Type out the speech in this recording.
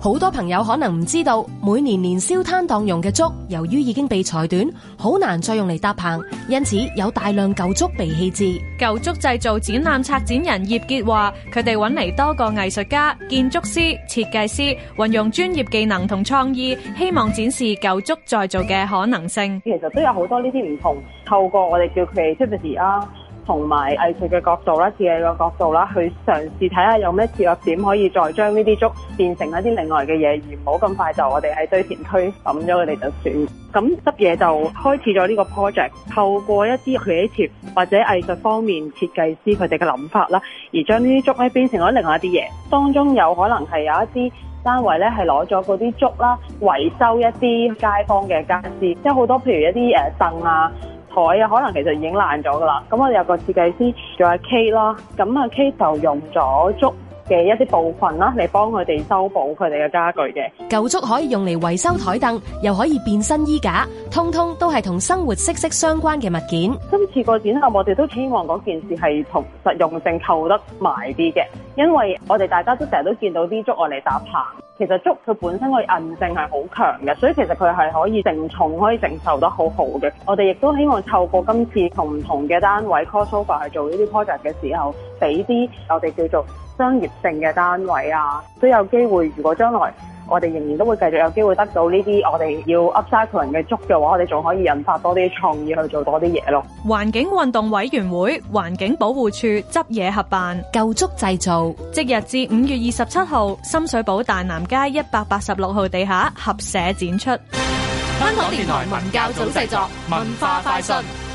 好多朋友可能唔知道，每年年宵攤檔用嘅竹，由於已經被裁短，好難再用嚟搭棚，因此有大量舊竹被棄置。舊竹製造展覽策展人葉傑話，佢哋搵嚟多個藝術家、建築師、設計師，運用專業技能同創意，希望展示舊竹再造嘅可能性。其實都有好多呢啲唔同，透過我哋叫佢出嚟啊。B D A 同埋藝術嘅角度啦，設計嘅角度啦，去嘗試睇下有咩切入點可以再將呢啲竹變成一啲另外嘅嘢，而唔好咁快就我哋喺堆填區抌咗佢哋就算。咁執嘢就開始咗呢個 project，透過一啲寫貼或者藝術方面設計師佢哋嘅諗法啦，而將呢啲竹咧變成咗另外一啲嘢。當中有可能係有一啲單位咧係攞咗嗰啲竹啦，維修一啲街坊嘅家私，即係好多譬如一啲誒凳啊。改啊，可能其實已經爛咗噶啦。咁我哋有個設計師叫阿 K 咯，咁阿 K 就用咗竹嘅一啲部分啦，嚟幫佢哋修補佢哋嘅家具嘅。舊竹可以用嚟維修枱凳，又可以變身衣架，通通都係同生活息息相關嘅物件。今次個展覽我哋都希望嗰件事係同實用性扣得埋啲嘅，因為我哋大家都成日都見到啲竹我嚟搭棚。其實竹佢本身個韌性係好強嘅，所以其實佢係可以承重，可以承受得好好嘅。我哋亦都希望透過今次同唔同嘅單位 crossover 去做呢啲 project 嘅時候，俾啲我哋叫做商業性嘅單位啊，都有機會。如果將來我哋仍然都會繼續有機會得到呢啲我哋要 upcycle 嘅竹嘅話，我哋仲可以引發多啲創意去做多啲嘢咯。環境運動委員會、環境保護署執嘢合辦舊竹製造，即日至五月二十七號深水埗大南街一百八十六號地下合社展出。香港電台文教組製作文化快訊。